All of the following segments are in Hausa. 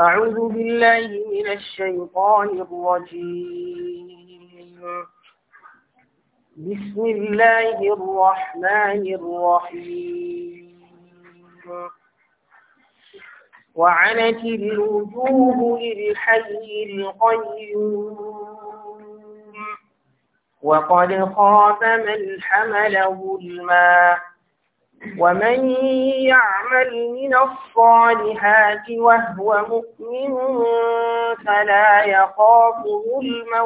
أعوذ بالله من الشيطان الرجيم بسم الله الرحمن الرحيم وعنت الوجوه للحي القيوم وقد خاف من حمل ظلما ومن يعمل من الصالحات وهو مؤمن فلا يخاف ظلما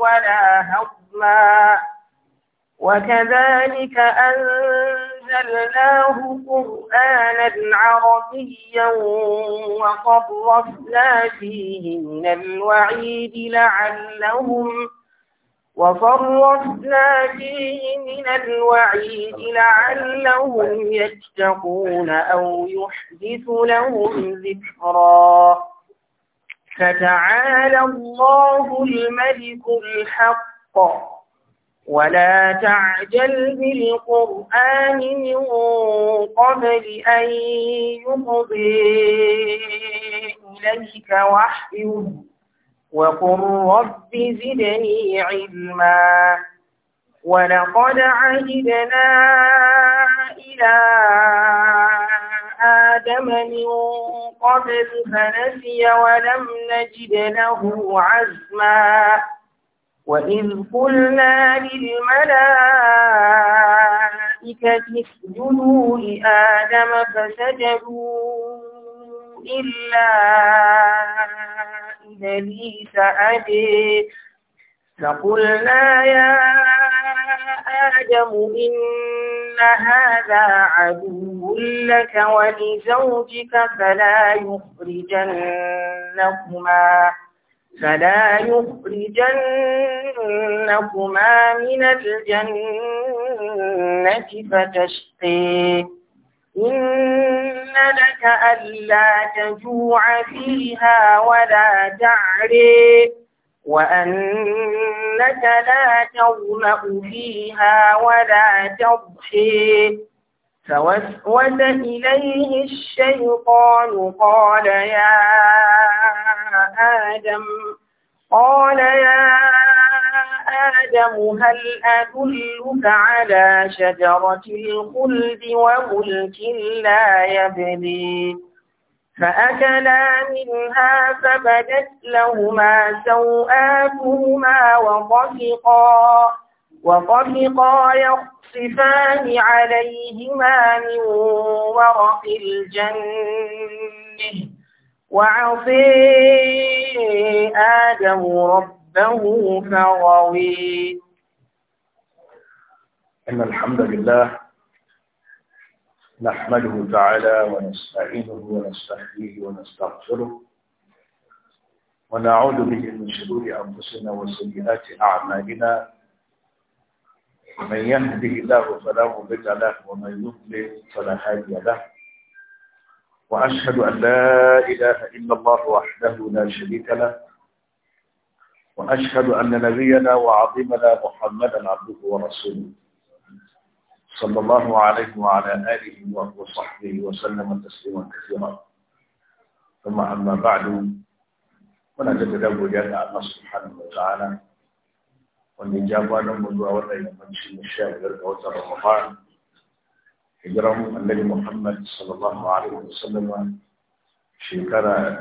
ولا هضما وكذلك أنزلناه قرآنا عربيا وصرفنا فيه من الوعيد لعلهم يتقون وفرطنا فيه من الوعيد لعلهم يتقون أو يحدث لهم ذكرا فتعالى الله الملك الحق ولا تعجل بالقرآن من قبل أن يقضي إليك وحيه وقل رب زدني علما ولقد عهدنا إلى آدم من قبل فنسي ولم نجد له عزما وإذ قلنا للملائكة اسجدوا لآدم فسجدوا إلا إبليس أبي فقلنا يا آدم إن هذا عدو لك ولزوجك فلا يخرجنكما فلا يخرجنكما من الجنة فتشقي إن لك ألا تجوع فيها ولا تعري وأنك لا تظمأ فيها ولا تضحي فوسوس إليه الشيطان قال يا آدم قال يا آدم آدم هل أدلك على شجرة الخلد وملك لا يبلي فأكلا منها فبدت لهما سوآتهما وطفقا وطفقا يخصفان عليهما من ورق الجنة وعصي آدم ربه ربه فغوي إن الحمد لله نحمده تعالى ونستعينه ونستهديه ونستغفره ونعوذ به من شرور أنفسنا وسيئات أعمالنا من يهده الله فلا مضل له ومن يضلل فلا هادي له وأشهد أن لا إله إلا الله وحده لا شريك له وأشهد أن نبينا وعظيمنا محمدا عبده ورسوله صلى الله عليه وعلى آله وصحبه وسلم تسليما كثيرا ثم أما بعد ونتتزوج الله سبحانه وتعالى والإجابة نمض وأولى يمشي الشاهد رمضان hijiran النبي محمد صلى الله عليه وسلم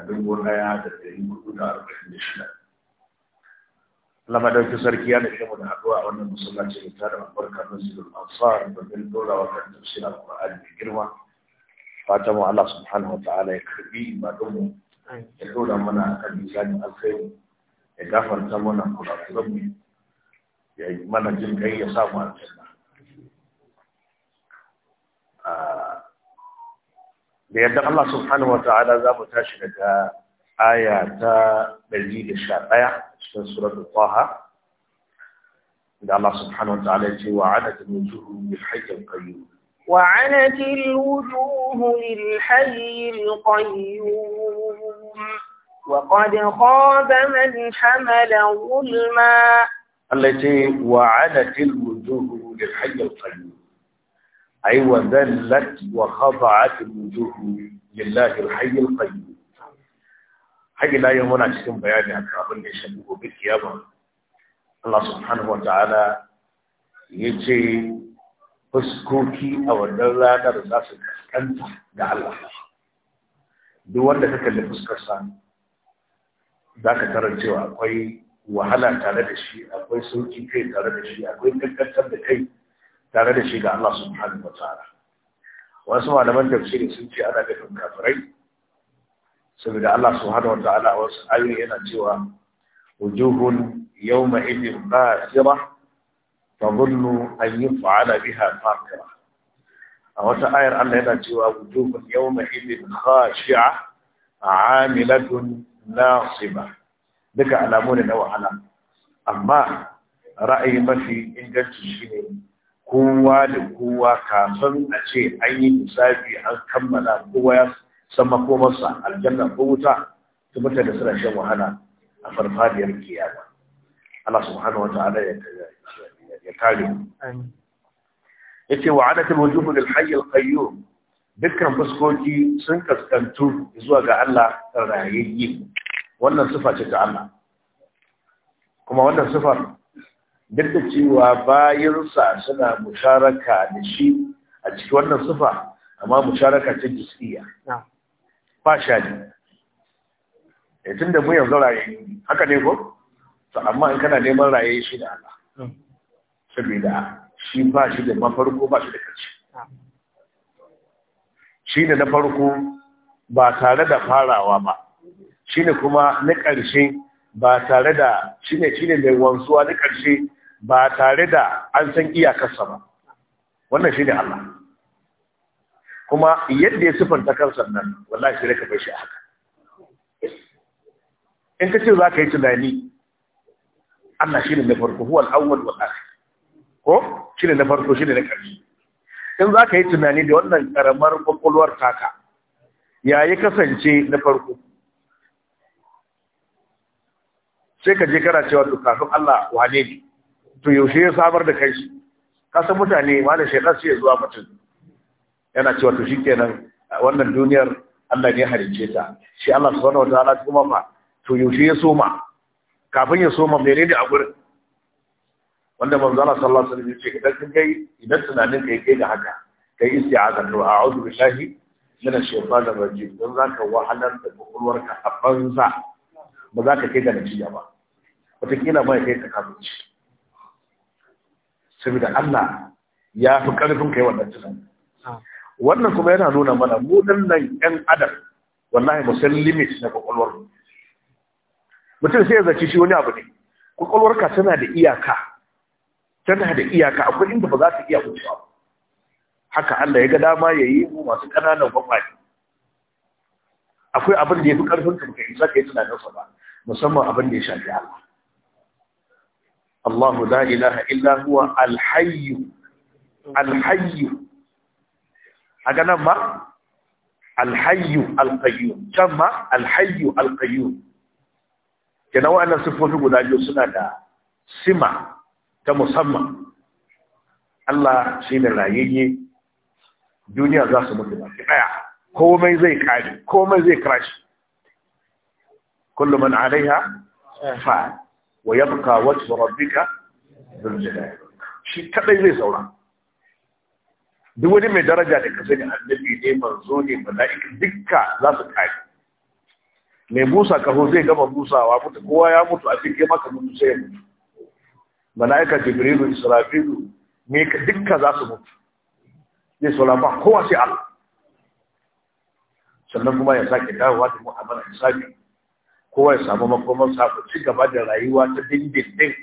dubu ɗaya da ɗari hudu da arba'in da shida Lama madauki sarki ya nufi mu da haɗuwa a wannan musulunci da tare da barka don su da ansar domin dora wa kan tafsirin alƙur'ani mai girma fatan mu Allah subhanahu wa ta'ala ya karbi ibadun ya dora mana kan mizanin alkhairi ya gafarta mana kurakuran mu ya yi mana jin kai ya samu aljanna ah, da yadda Allah subhanahu wa ta'ala za mu tashi daga aya ta da sha ɗaya. cikin suratul Taha da Allah subhanahu wa ta'ala ya ce wa وعنت الوجوه للحي القيوم وقد خاب من حمل ظلما التي وعنت الوجوه للحي القيوم أي وذلت وخضعت الوجوه لله الحي القيوم hagila yau muna cikin bayani a kan abin da ya gobe kiyama Allah subhanahu wa ta'ala ya ce fuskoki a wannan ranar za su kaskanta da Allah duk wanda ka kalli fuskarsa za ka tarar cewa akwai wahala tare da shi akwai sauki kai tare da shi akwai kankantar da kai tare da shi ga Allah subhanahu wa ta'ala wasu malaman tafsiri sun ce ana nufin kafirai saboda Allah subhanahu wa ta'ala wasu ayoyi yana cewa wujuhun yawma idin basira tadhunnu an yuf'ala biha faqira a wata ayar Allah yana cewa wujuhun yawma idin khashi'a na nasiba duka alamu ne na wahala amma ra'ayi mafi inganci shine kowa da kowa kafin a ce an yi misali an kammala kowa ya san makomarsa aljanna ko wuta su da suna shan wahala a farfadiyar kiyama Allah subhanahu wa ta'ala ya kare yace wa ta wujuhu lil hayy al qayyum dukkan fuskoki sun kaskantu zuwa ga Allah rayayye wannan sifa ce ta Allah kuma wannan sifar duk da cewa bayinsa suna musharaka da shi a cikin wannan sifa amma musharaka ta jisiya ba shaji e eh, tun da mun yanzu raye haka ne ko to amma in kana neman raye shi da Allah hmm. saboda shi ba shi da mafarko ba shi da karshe shi ne na farko ba tare da farawa ba shi ne kuma na ƙarshe ba tare da shi ne shi ne mai wansuwa na ƙarshe ba tare da an san iyakarsa ba wannan shi ne Allah kuma yadda ya sufanta kansa nan wallahi sai ka bai shi haka in ka ce za ka yi tunani Allah shi ne na farko huwa al'awwal wal akhir ko shi ne na farko shi ne na ƙarshe in za ka yi tunani da wannan karamar ƙwaƙwalwar taka ya yi kasance na farko sai ka je kana cewa to kafin Allah wane ne to yaushe ya samar da kai ka san mutane malam shekar sai ya zuwa mutum yana cewa to shi kenan wannan duniyar Allah ne halicce ta shi Allah subhanahu ta'ala kuma fa to yaushe ya soma kafin ya soma ne a gurin wanda manzo Allah sallallahu alaihi wasallam ya ce idan kin kai idan tunanin kai kai da haka kai isti'aza to a'udhu billahi min ash-shaytanir rajim dan zaka wahalar da kokolwarka a banza ba za ka kai ga natija ba wataƙila ma ya kai ka kafinci saboda Allah ya fi ƙarfin kai wannan tunanin ah. wannan kuma yana nuna mana mu nan yan adam wallahi mu san limit na kwakwalwar mutum sai ya zaci shi wani abu ne kwakwalwarka tana da iyaka tana da iyaka akwai inda ba za ta iya wucewa haka Allah ya ga dama ya yi mu masu ƙananan kwakwali akwai abin da ya fi ƙarfin ka baka isa ka yi tunaninsa ba musamman abin da ya shafi Allah Allahu la ilaha illa huwa alhayyu alhayyu a nan ma alhayu alkayu can ma alhayu alkayu kenan wa'annan siffofi guda biyu suna da sima ta musamman Allah shi ne rayayye duniya za su mutu baki daya komai zai kare komai zai crash kullu man alaiha fa wa yabqa wajhu rabbika dhul jalali shi kadai zai saura duk wani mai daraja da ka sani annabi ne manzo ne mala'ika dukka za su kare mai busa kaho zai gama busawa mutu kowa ya mutu a cikin maka mutu sai ya mutu mala'ika jibrilu israfilu ne dukka za su mutu zai saura ba kowa sai Allah sannan kuma ya sake dawowa da mu'amala ya sake kowa ya samu makoman sa ci gaba da rayuwa ta dindindin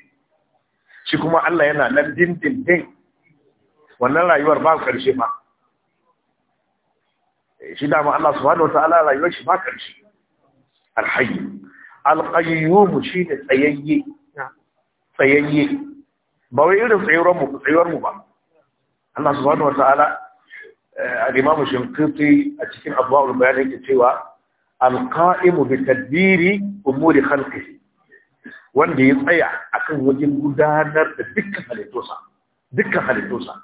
shi kuma Allah yana nan dindindin wannan rayuwar ba karshe ma eh, shi dama Allah subhanahu wataala rayuwar shi ba ƙarshe. alhayy alqayyum shi ne tsayayye tsayayye ba wai irin tsayuwar mu tsayuwar mu ba Allah subhanahu wataala eh, al-imam shinqiti a cikin abwaul bayan yake cewa alqa'imu bi tadbiri umuri khalqihi wanda ya tsaya akan wajen gudanar da dukkan halittunsa dukkan halittunsa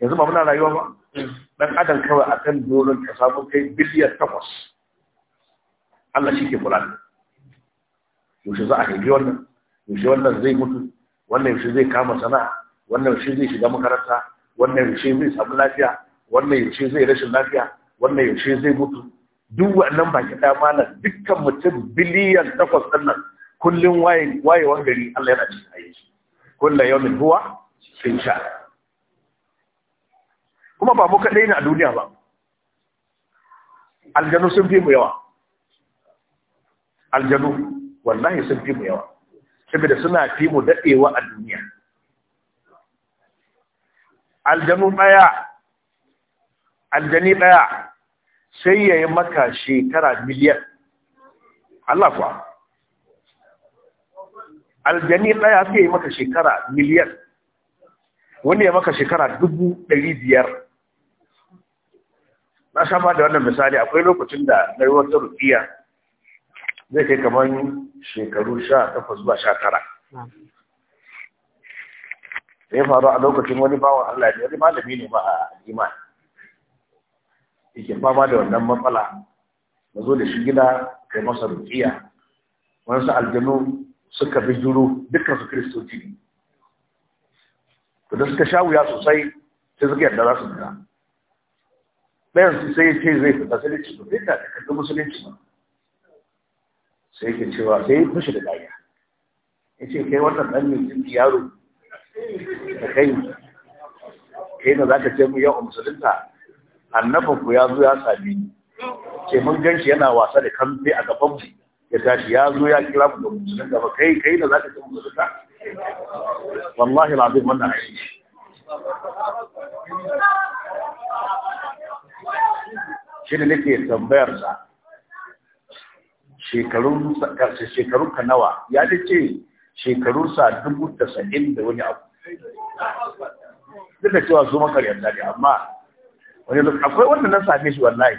yanzu ba muna rayuwa ba hmm. dan adam kawai akan doron ka samu kai biliyan takwas Allah shi ke kula da yaushe za a haifi wannan yaushe wannan zai mutu wannan yaushe zai kama sana'a wannan yaushe zai shiga makaranta wannan yaushe zai samu lafiya wannan yaushe zai rashin lafiya wannan yaushe zai mutu duk wannan ki dama malam dukkan mutum biliyan takwas ɗin nan kullum wayewar gari Allah yana cikin aiki kullum yawmin huwa sun sha'a kuma ba mu kaɗai ne a duniya ba aljanu sun fi mu yawa aljanu wallahi sun fi mu yawa saboda suna fi mu daɗewa a duniya aljanu ɗaya aljani ɗaya sai ya yi maka shekara miliyan Allah kuwa aljani ɗaya sai ya yi maka shekara miliyan wani ya maka shekara dubu ɗari biyar na sha ba da wannan misali akwai lokacin da na yi wata rufiya zai kai kamar shekaru sha takwas zuwa sha tara da ya faru a lokacin wani bawan Allah ne wani malami ne ba a imani yake fama da wannan matsala na zo da shi gida kai masa wani su aljanu suka bi juru dukkan su kiristoci ne da suka sha wuya sosai sai suka yarda za su gina ɗayan su sai ya ce zai fita sai ce ba zai da karɓi musulunci que sai ke cewa sai ya fushi da dariya ya ce kai wannan ɗan mai yaro da kai kai da za ka ce mu yau musulunta annabin ku ya zo ya sami ce mun gan yana wasa da kamfe a gaban mu ya tashi ya zo ya kira mu da musulunta ba kai da za ka ce musulunta wallahi lazim wannan aiki shi ne nake tambayar sa shekarun karsa shekarun ka nawa ya da ce shekarun sa dubu tasa'in da wani abu duk da cewa su yadda ne amma wani lokaci akwai wanda na same shi wallahi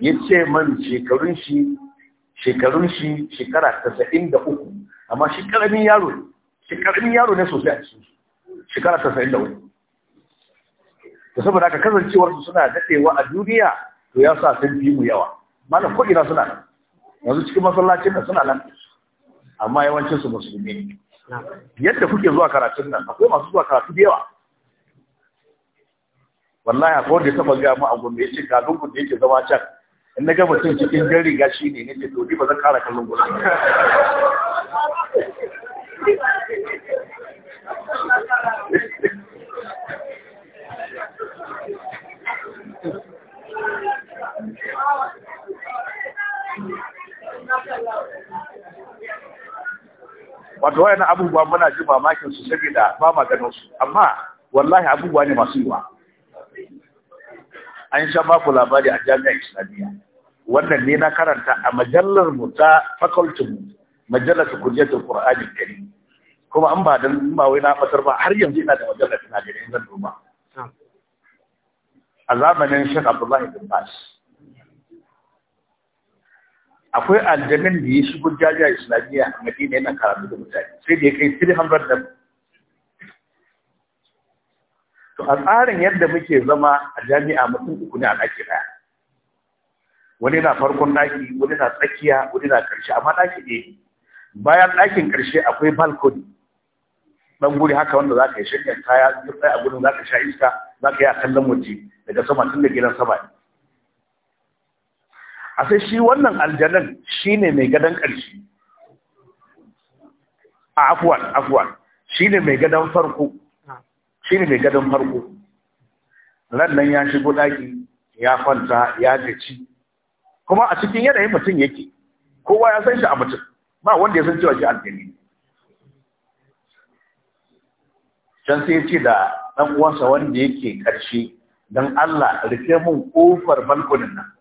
ya ce man shekarun shi shekarun shi shekara tasa'in da uku amma shi karamin yaro ne shi karamin yaro ne sosai a cikin shekara tasa'in da uku da saboda haka kasancewarsu suna daɗewa a duniya to ya sa sun fi mu yawa malam ko ina suna yanzu cikin masallacin da suna nan amma yawancin su musulmi ne yadda kuke zuwa karatun nan akwai masu zuwa karatu da yawa wallahi a wanda ta taba gaya mu a gombe ya ce ga da yake zama can in na ga mutum cikin jan riga shi ne nake to ni ba zan kara kallon gudu Thank you. wato wayan abubuwa muna ji mamakin su saboda ba ma su amma wallahi abubuwa ne masu yiwa an sha maku labari a jami'ar islamiyya wannan ne na karanta a majallar mu ta faculty mu majallar kurjatul qur'ani kari kuma an ba dan ba wai na fatar ba har yanzu ina da majallar ina da zan ba. a zamanin Sheikh Abdullahi bin Bas akwai aljamin da ya shigo jajiya islamiyya a madina yana karatu da mutane sai da ya kai 300 da to a tsarin yadda muke zama a jami'a mutum uku ne a ɗaki ɗaya wani na farkon ɗaki wani na tsakiya wani na ƙarshe amma ɗaki ɗaya bayan ɗakin ƙarshe akwai balkoni ɗan guri haka wanda za ka yi shirya kaya duk ɗaya a gudun za ka sha iska za ka yi a kallon waje daga sama tun da gidan sama ne a sai shi wannan aljanan shi ne mai gadon ƙarshe a afuwan afuwan shi ne mai gadon farko shi ne mai gadon farko rannan ya shigo ɗaki ya kwanta ya gaci kuma a cikin yanayin mutum yake kowa ya san shi a mutum ba wanda ya san cewa shi aljani can sai ya ce da ɗan uwansa wanda yake ƙarshe don Allah rufe mun ƙofar balkonin nan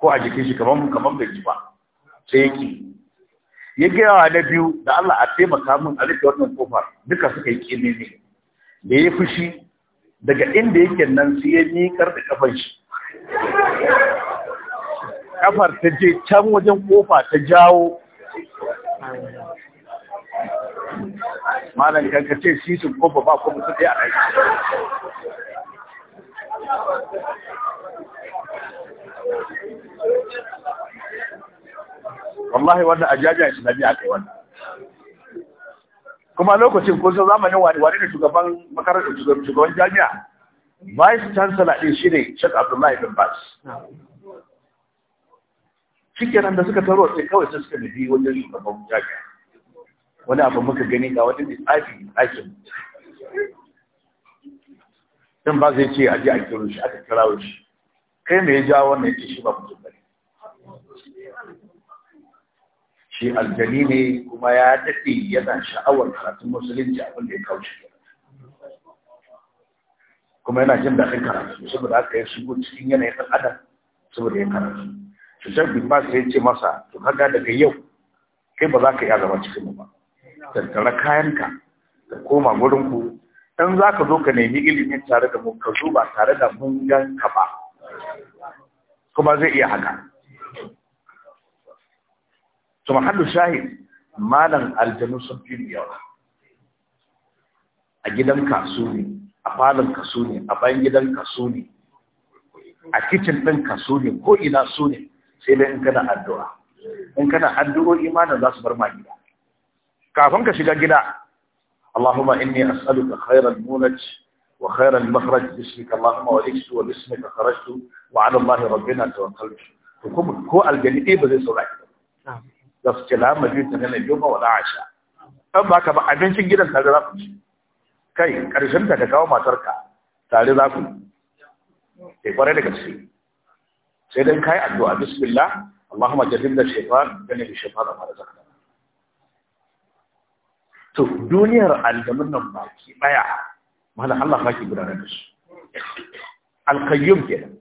ko a jikin shi kamar kamar bai ji sai yake ya gaya na biyu da Allah a taimaka min a rufe wannan kofar duka suka yi kene ne da ya fushi daga inda yake nan sai ya miƙar da kafar shi kafar ta je can wajen kofa ta jawo malam ka ce shi sun kofa ba kuma su ɗaya a ɗaki wallahi wannan a jajayen islami aka yi wannan kuma lokacin ko sai zamanin wani wani ne shugaban makarantar shugaban jami'a vice chancellor din shi ne Sheikh Abdullahi bin Bas nan da suka taro sai kawai sai suka nufi wajen shugaban jami'a wani abu muka gani ga wani tsafi ɗakin din ba zai ce a ji a kiro shi aka kirawo shi kai me ya jawo wannan yake shi ba mutum shi aljani ne kuma ya daɗe yana sha'awar karatun musulunci abin da ya kauce kuma yana jin daɗin karatu saboda haka ya shigo cikin yanayin ɗan adam saboda ya karatu Su sai bimba ba ya ce masa to kaga daga yau kai ba za ka iya zama cikin mu ba tattara kayanka ka koma gurin ku za ka zo ka nemi ilimin tare da mu ka zo ba tare da mun ka ba kuma zai iya haka to mahallu shahid malan aljanu sun fi yawa a gidan kasu ne a falon kasu ne a bayan gidan kasu ne a kicin ɗin kasu ne ko ina su ne sai dai in kana addu'a in kana addu'o imanin za su bar ma gida kafin ka shiga gida Allahumma inni as'aluka khairal mulaj wa khairal makhraj bismika Allahumma wa iksu wa bismika kharajtu wa ala Allah rabbina tawakkaltu ko aljani ba zai saurari da su ce la ta nuna yi biyu ba wala asha kan ba ka ba abincin gidan tare za ku ci kai ta ka kawo matarka tare za ku ke eh, kwarai da gaske sai dan kai addu'a bismillah Allahumma shefa shaytan kana shefa da fara razaqna to duniyar aljamin nan baki ɗaya mana Allah ba ki gudanar da su ke kenan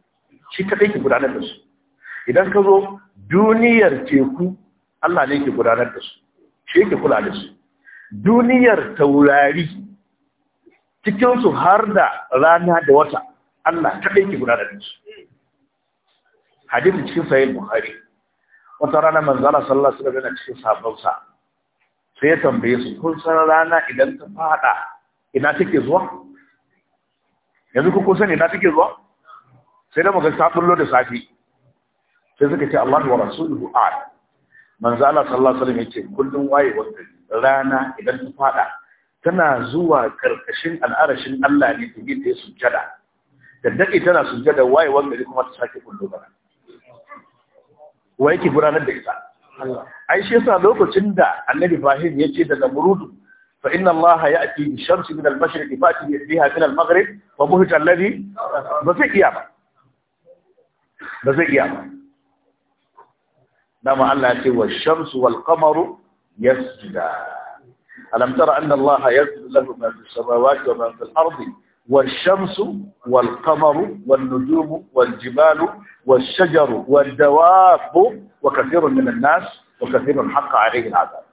shi kadai ki gudanar da su idan ka zo duniyar teku Allah ne ke gudanar da su shi yake kula da su duniyar taurari cikinsu har da rana da wata Allah ta ke gudanar da su hadisi cikin sahih buhari, wata rana manzala sallallahu alaihi wasallam cikin sahabbansa sai ya tambaye su kun san rana idan ta fada ina take zuwa yanzu ku kun san ina take zuwa sai da muka sabullo da safi sai suka ce Allah wa rasuluhu a'lam manzo Allah sallallahu alaihi wasallam yace kullun wata rana idan ta fada tana zuwa karkashin al'arashin Allah ne ta gita sujjada da dake tana sujjada wanda gari kuma ta sake kullu bara wa ki buranar da ita ai shi yasa lokacin da Annabi Ibrahim yace daga murudu fa inna Allah ya'ti bi shamsi min al mashriq fa'ti biha min al-maghrib wa buhita alladhi ba zai iya ba ba zai iya ba dama Allah ya ce wa shamsu wal qamaru yasjuda alam tara anna Allah yasjudu lahu ma fis samawati wa ma fil ardi والشمس والقمر والنجوم والجبال والشجر والدواب وكثير من الناس وكثير حق عليه العذاب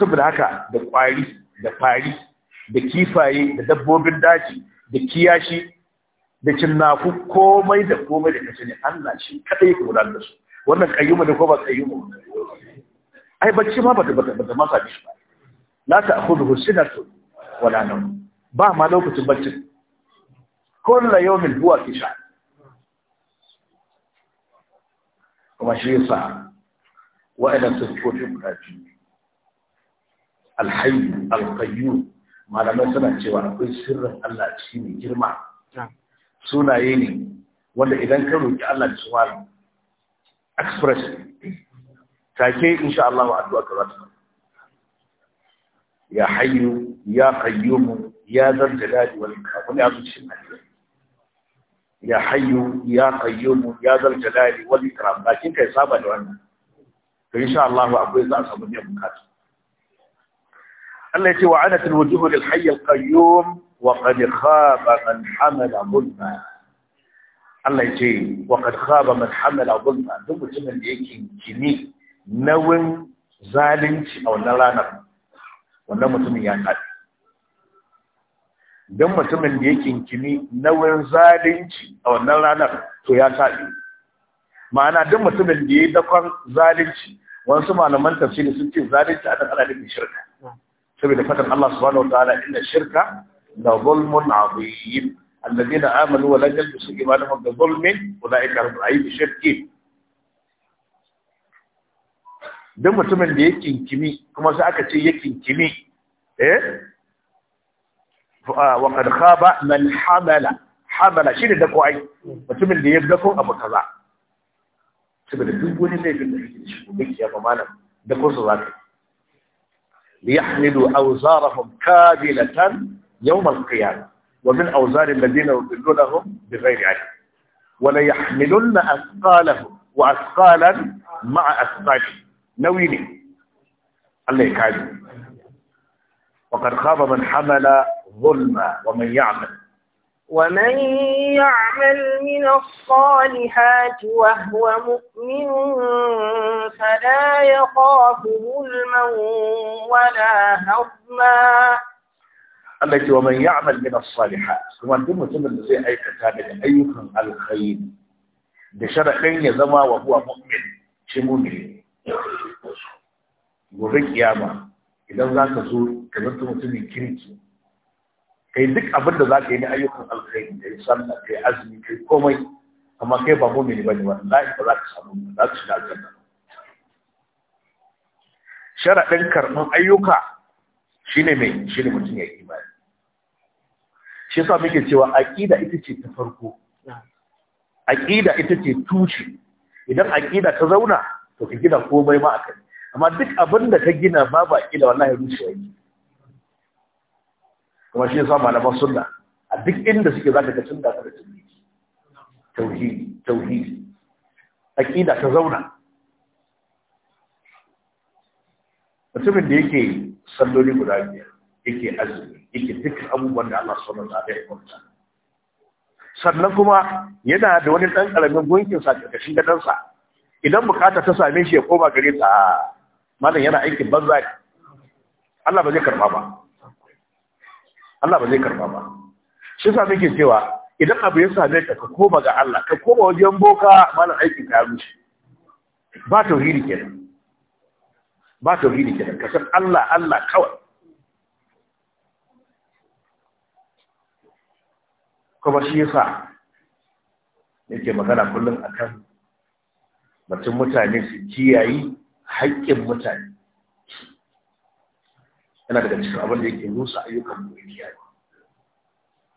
saboda haka da kwari da fari da kifaye da dabbobin daji da kiyashi da ku komai da komai da kace ne Allah shi kadai ke gudanar da su wannan kayyuma da ko ba kayyuma ba. ai bacci ma ta ba ta masa bishi ba la ta'khudhu sinatu wala nawm ba ma lokacin bacci kullu yawmin huwa fi sha. kuma shi yasa wa sufofi guda biyu alhayy alqayyum malamai suna cewa akwai sirrin Allah shi ne girma sunaye ne wanda idan ka roƙi Allah da suwara express take insha Allah wa addu'a ka zata ya hayyu ya qayyum ya zal jalali wal ikram wani abu cikin addu'a ya hayyu ya qayyum ya zal jalali wal ikram bakin kai saba da wannan to insha Allah akwai za a samu biyan bukatu Allah ya ce wa anatul wujuhu lil hayy al qayyum وقد خاب من حمل ظلما Allah ya ce wa khaba man hamala dhulma duk mutumin da yake kini nawin zalunci a wannan ranar wannan mutumin ya kaɗi Duk mutumin da yake kini nawin zalunci a wannan ranar to ya kaɗi ma'ana duk mutumin da ya dakon zalunci wasu malaman tafsiri sun ce zalunci a ɗan ana da shirka saboda fatan Allah subhanahu wa ta'ala inna shirka لظلم عظيم الذين آمنوا ولجل بسجي مالهم بظلم أولئك هم العيب شركين دم تمن دي كمي كما سأكا تي كمي إيه؟ آه، وقد خاب من حمل حمل شين دكو عين وتمن دي يبدكو أبو كذا تمن دي بوني لي بيك يا مانا دكو صلاتي ليحملوا أوزارهم كاملة يوم القيامة ومن أوزار الذين يضلونهم بغير علم وليحملن أثقالهم وأثقالا مع أثقالهم نويني الله يكاذب وقد خاب من حمل ظلما ومن يعمل ومن يعمل من الصالحات وهو مؤمن فلا يخاف ظلما ولا هضما Allah ce wa man ya'mal min as-salihat kuma duk mutumin da zai aikata daga ayyukan alkhairi da sharadin ya zama wa huwa mu'min shi mu'min gobe kiyama idan za ka zo ka zanta mutumin kirki kai duk abin da za ka yi na ayyukan alkhairi kai sallah kai azumi kai komai amma kai ba mu'mini ba wallahi ba za ka samu za ka shiga aljanna sharadin karɓan ayyuka shine mai shine mutum ya imani shi sa muke cewa aqida ita ce ta farko aqida ita ce tushe idan aqida ta zauna to ka gina komai ma akan amma duk abin da ka gina babu aqida wallahi rushe yake kuma shi sa malaman sunna a duk inda suke zaka ga sunna ta tauhidi tauhidi tauhidi aqida ta zauna mutumin da yake salloli guda biyar yake azumi yake dukkan abubuwan da Allah sallallahu alaihi wasallam ya kwanta sannan kuma yana da wani ɗan ƙaramin gunkin sa karkashin gadansa idan bukata ta same shi ya koma gare ta malam yana aikin banza Allah ba zai karba ba Allah ba zai karba ba shi sa muke cewa idan abu ya same ka ka koma ga Allah ka koma wajen boka malam aikin ka ya rushe ba tauhidi kenan ba tauhidi kenan ka san Allah Allah kawai kuma shi yasa yake magana kullum akan batun mutane su kiyayi haƙƙin mutane yana daga cikin abin da yake nusa ayyukan mu kiyaye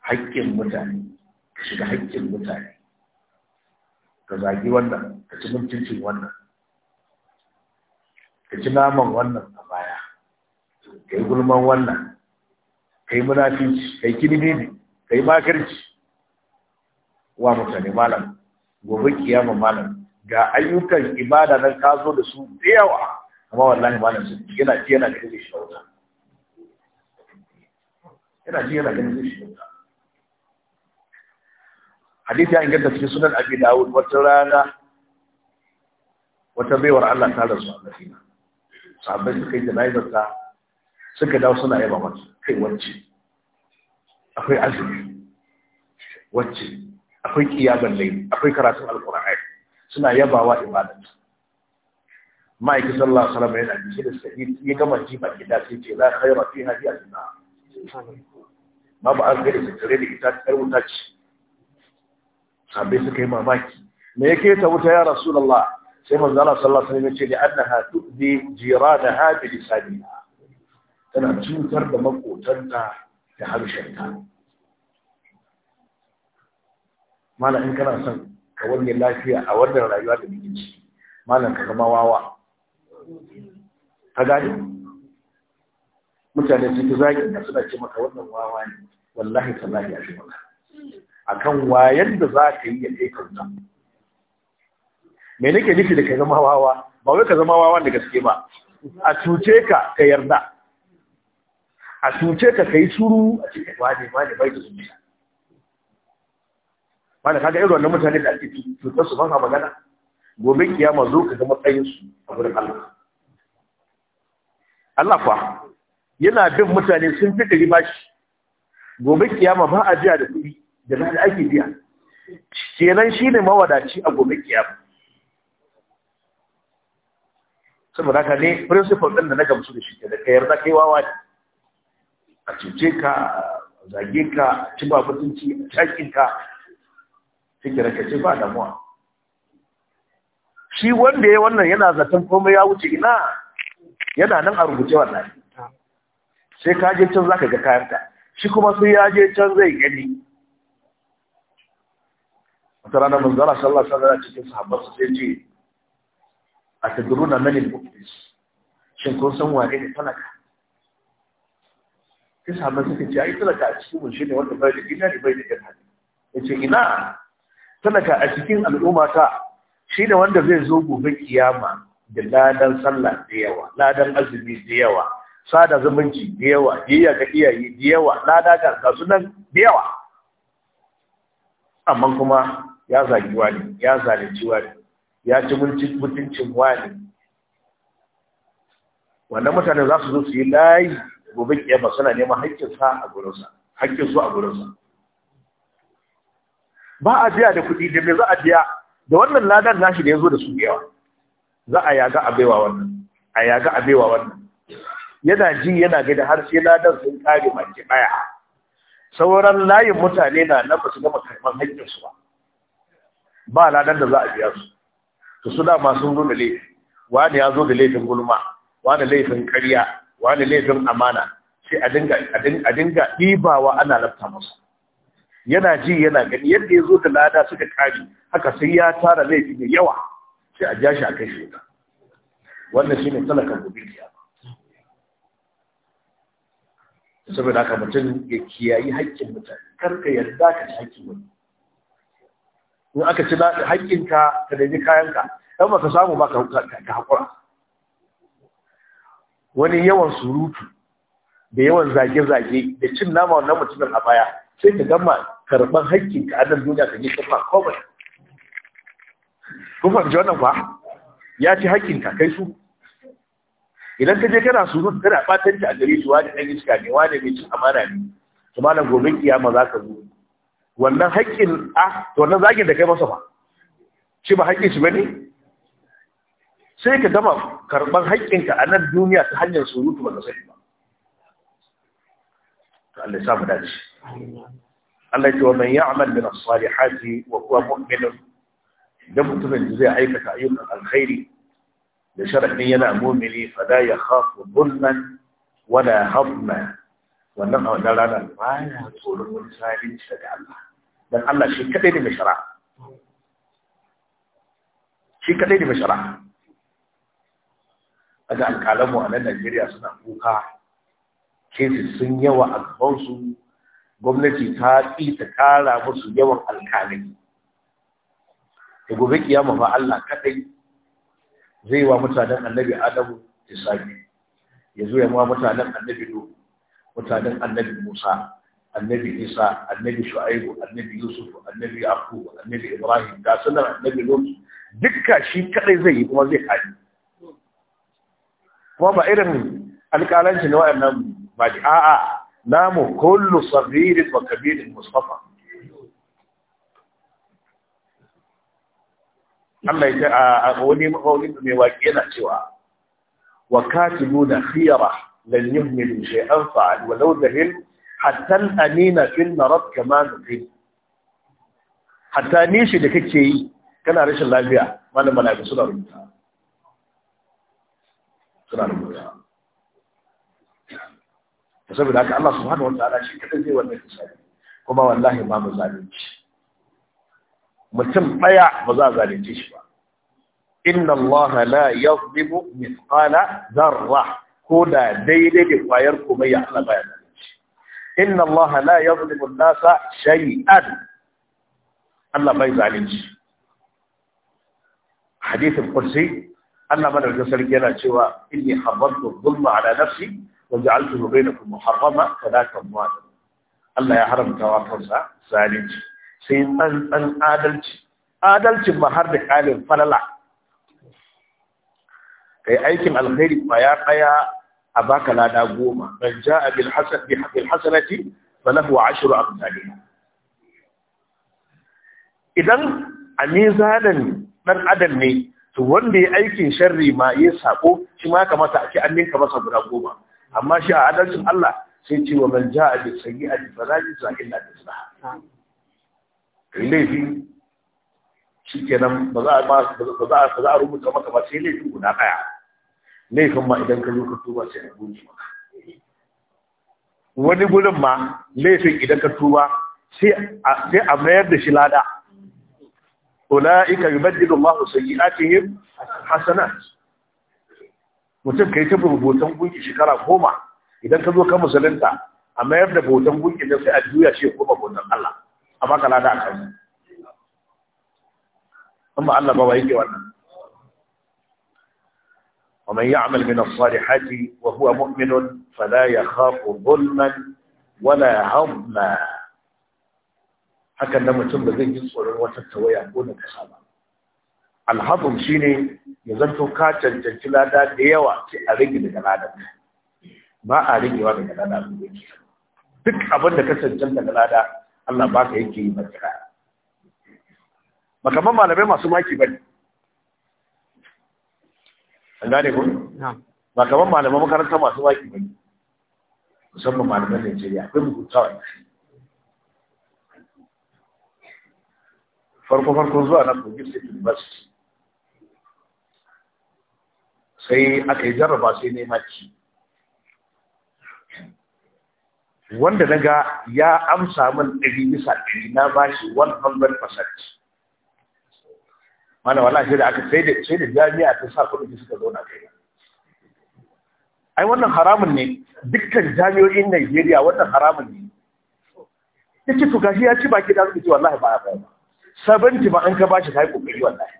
haƙƙin mutane ka shiga haƙƙin mutane ka zagi wannan ka ci mutuncin wannan ka ci naman wannan a baya ka yi gulman wannan ka yi munafinci ka yi kinibini ka yi makarci wa mutane malam gobe kiyama malam ga ayyukan ibada nan ka zo da su da yawa amma wallahi malam su yana ji yana ganin shi yana ji yana ganin shi hadisi an ganta cikin sunan abi dawud wata rana wata baiwar Allah ta rasu a Madina sahabbai suka yi jana'izar ta suka dawo suna yaba mata kai wacce akwai azumi wacce akwai kiyamun laili akwai karatun alqur'ani suna yabawa ibadansu ma'aiki sallallahu alaihi wasallam yana jiki da sahihi ya gama jiba gida sai ce la khayra fi hadi al-na babu an gari tattare da ita ta wuta ce sabai suka yi mamaki me yake ta wuta ya rasulullah sai manzo sallallahu alaihi wasallam ya ce da annaha tu'di jiranaha bi lisaniha tana cutar da makotanta da harshenta malam in kana son ka wani lafiya a wannan rayuwa da muke ci malam ka zama wawa ka gani mutane sun ki zaki da suna ce maka wannan wawa ne wallahi tallahi a shi maka akan wayan da za ka yi ya kai kauta me nake nufi da ka zama wawa ba wai ka zama wawa da gaske ba a cuce ka ka yarda a cuce ka kai suru a cikin wane wane bai da zuciya wanda kaga irin wannan mutane da ake cutar su ba magana gobe kiyama zo ka ga matsayin su a gurin Allah Allah fa yana bin mutane sun fi ɗari bashi gobe kiyama ba a biya da kuɗi da na ake biya kenan shine mawadaci a gobe kiyama saboda ka ne principal ɗin da na gamsu da shi da kai yarda kai wawa a cuce ka a zage ka a ci ba mutunci a cakin ka fikira ka ce ba damuwa shi wanda ya wannan yana zaton komai ya wuce ina yana nan a rubuce wallahi sai ka je can zaka ga kayanka shi kuma sai ya je can zai gani wata rana manzara sallallahu alaihi wasallam cikin su sai ce a tadruna na nan muflis shin kun san wane ne talaka sai sahabban suka ce ai talaka a cikin mun shine wanda bai da gida ne bai da jannati yace ina talaka a cikin al'umma ta shi da wanda zai zo gobe kiyama da ladan sallah da yawa ladan azumi da yawa sada zumunci da yawa biyayya ga iyaye da yawa lada ga kasu nan da yawa amma kuma ya zagi wani ya zalunci wani ya ci mutuncin wani wannan mutane za su zo su yi layi gobe kiyama suna neman haƙƙinsa a gurinsa haƙƙinsu a gurinsa ba a biya da kuɗi da me za a biya da wannan ladan nashi da ya zo da su yawa za a yaga a baiwa wannan a yaga a baiwa wannan yana ji yana gida har sai ladan sun kare mace ɗaya sauran layin mutane na nan ba su gama karɓar su ba ba ladan da za a biya su to da masu zo da laifi wani ya zo da laifin gulma wani laifin ƙarya wani laifin amana sai a dinga a dinga ɗibawa ana lafta musu yana ji yana gani yadda ya zo da lada suka kare haka sai ya tara laifi da yawa sai a ja shi a kai shi wannan shine talakan gobe kiyama saboda haka mutum ya kiyayi haƙƙin mutane kar ka yarda ka ci haƙƙin wani in aka ci haƙƙinka ka daji kayanka ɗan ba ka samu ba ka haƙura wani yawan surutu da yawan zage-zage da cin nama wannan mutumin a baya sai ka gama karɓar hakkin ka nan duniya ka je ka ba komai kuma fahimci wannan ba ya ci hakkin ka kai su idan ka je kana surun kana batanci a gare su wani ɗan iska ne wani mai cin amana ne to malam gobe kiyama za ka zo wannan haƙƙin a ah, to wannan zagin da kai masa ba shi ba haƙƙin shi ba ne sai ka gama karɓar haƙƙinka a nan duniya ta hanyar surutu ba ka sani ba قال سام ناس قال ومن يعمل من الصالحات وهو مؤمن دمت من جزي عيفة عيون الخير لشرح نينا مؤمني فلا يخاف ظلما ولا هضما ونقع ونالانا ما يقول الإنسان يستدع الله لأن الله شكتين مشرع شكتين مشرع أجعل كلامه أن نجري أصنع بوكا cases sun yawa a gabansu gwamnati ta ƙi ta ƙara musu yawan alƙalai da gobe kiyama fa Allah kaɗai zai wa mutanen annabi Adamu sami ya zo ya ma mutanen annabi Nuhu mutanen annabi Musa annabi Isa annabi Shu'aibu annabi Yusuf annabi Yaqub annabi Ibrahim da sunan annabi Lut dukka shi kadai zai yi kuma zai kai kuma ba irin alƙalanci ne wa'annan ba ji a'a namu kullu sabirin wa kabirin mustafa Allah ya a wani ma'aunin mai waki yana cewa wa katiluna khiyara lan yuhmilu shay'an fa'al wa law dhahil hatta al-amina fil narab kama nuqil hatta nishi da kake yi kana rashin lafiya malam saboda haka Allah subhanahu wataala shi kadai zai wannan hisabi kuma wallahi ba mu zalunci mutum daya ba za a zalunce shi ba inna Allah la yadhlimu mithqala dharra ko da daidai da kwayar komai ya Allah baya zalunci inna Allah la yadhlimu an-nasa shay'an Allah bai zalunci hadith al-qudsi Allah madaukakin sarki yana cewa inni habbtu dhulma ala nafsi waja'altu bainakum muharrama fala tamwat Allah ya haramta wa kansa zalunci sai tsantsan adalci adalcin ma har da kalin falala kai aikin alkhairi ba ya kaya a baka lada goma man ja'a bil hasan bi haqqil hasanati falahu ashru amsalih idan a mizanin dan adam ne to wanda ya yi aikin sharri ma ya sako shi ma kamata a ce an ninka masa guda goma amma shi a adalcin Allah sai ce wa man ja'a bi sayyi'ati la yuzza illa bislaha kai shi shikenan ba za a ba za a za a rubuta maka ba sai laifin guda daya laifin ma idan ka zo ka tuba sai a goge maka wani gurin ma laifin idan ka tuba sai a mayar da shi lada ulaika yubaddilu Allahu sayyi'atihim hasanat mutum yi ta bautan gunki shekara goma idan ka zo ka musulunta a mayar da bautan gunki da sai a juya shi ko ba bautan Allah a baka lada a kan amma Allah ba yake wannan ومن يعمل من الصالحات وهو مؤمن فلا يخاف ظلما ولا هضما hakan da mutum ba zai yi tsoron wata ko na kasa alhafin shi ne ya zanto ka cancanci lada da yawa ce a rage daga lada ba a ragewa daga lada su yake duk abin da ka cancanta daga lada Allah ba ka yake yi ba makamman malamai masu maki ba ne an gane ku makamman malamai makaranta masu maki ba ne musamman malaman Najeriya akwai mugunta wa farko farko zuwa na kogin State University sai aka yi jarraba sai ne maki wanda na ga ya amsa min ɗari bisa ɗari na ba shi 100% mana wala shi da aka sai da sai da jami'a ta sa kuɗi suka zauna kai ai wannan haramun ne dukkan jami'o'in Najeriya wannan haramun ne yake to gashi ya ci baki da zuci wallahi ba a ba sabanti ba an ka bashi kai kokari wallahi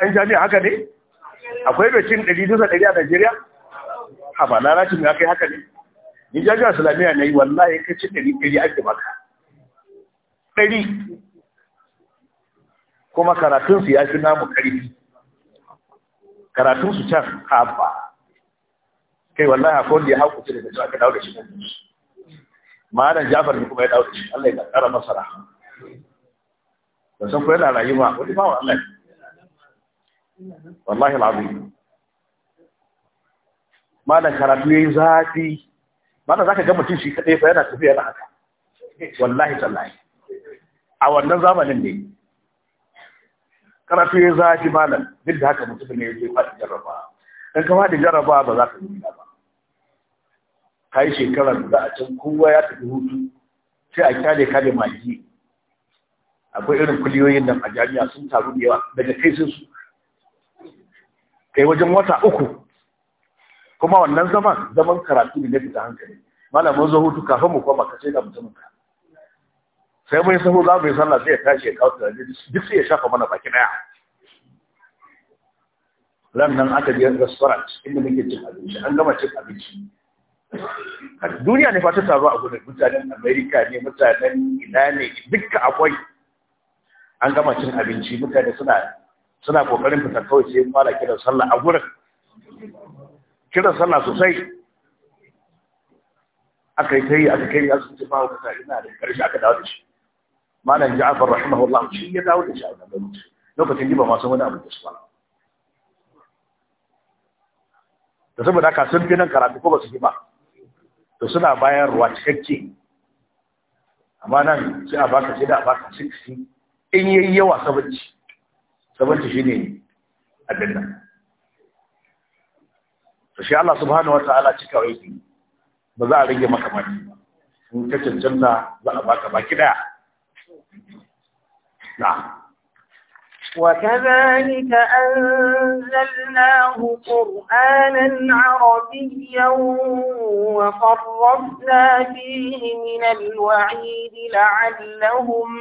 'yan jami'a haka ne akwai mai ɗari bisa ɗari a najeriya a ba lalacin ya kai haka ne ni jami'a islamiyya na yi wallahi kai cin ɗari ɗari ake maka ɗari kuma karatunsu ya fi namu ƙarfi karatunsu can haɓa kai wallahi a kowanda ya cire da cewa ka dawo da shi ma'anar jafar ne kuma ya dawo da shi allah ya ƙara masara da san ko yana rayuwa wani bawan allah ne wallahi al'azim malam karatu yayi zafi malam zaka ga mutum shi kadai fa yana tafiya da haka wallahi tallahi a wannan zamanin ne karatu yayi zafi malam duk da haka mutum ne yake fadi jarraba dan kama da jarraba ba za ka yi ba kai shekara da a can kowa ya tafi hutu sai a kyale kale maji akwai irin kuliyoyin nan a jami'a sun taru da yawa daga kai sun su kai wajen wata uku kuma wannan zaman zaman karatu ne na fita hankali malamin zo hutu kafin mu koma kace da mutum ka sai mun sahu za mu yi sallah sai ya tashi ya kawo tunani duk sai ya shafa mana baki daya ran nan aka biyan restaurant inda muke cin abinci an gama cin abinci duniya ne fata taru a gudun mutanen amerika ne mutanen ina ne dukka akwai an gama cin abinci mutane suna suna kokarin fita kawai sai fara kiran sallah a gurin kiran sallah sosai aka yi tayi aka kai asibiti ba fara ta ina da karshe aka dawo da shi malam Ja'far rahimahullah shi ya dawo da shi a gaban lokacin ji masu wani abu da su fara da saboda haka sun fi nan karatu ko ba su fi ba to suna bayarwa cikakke amma nan sai a baka sai da a baka 60 in yi yawa sabanci سبنت شنين أدنى فشاء الله سبحانه وتعالى تكا ويكي بزا علي ما كمان ممكن الجنة لا أباك ما كده نعم وكذلك أنزلناه قرآنا عربيا وفرضنا فيه من الوعيد لعلهم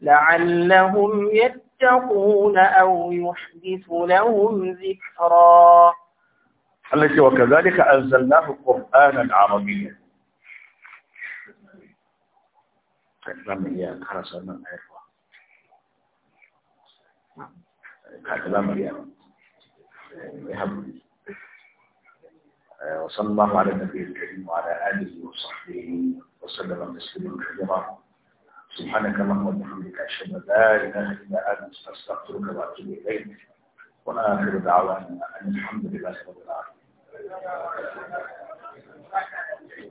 لعلهم يتقون يتقون أو يحدث لهم ذكرا التي وكذلك أنزلناه قرآنا عربيا نعم. وصلى الله على النبي الكريم وعلى آله وصحبه وسلم تسليما كثيرا سبحانك اللهم وبحمدك أشهد أن لا إله إلا أنت أستغفرك وأتوب إليك وآخر دعوانا أن الحمد لله رب العالمين